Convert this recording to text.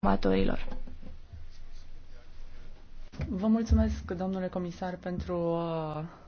consumatorilor. Vă mulțumesc, domnule comisar, pentru uh,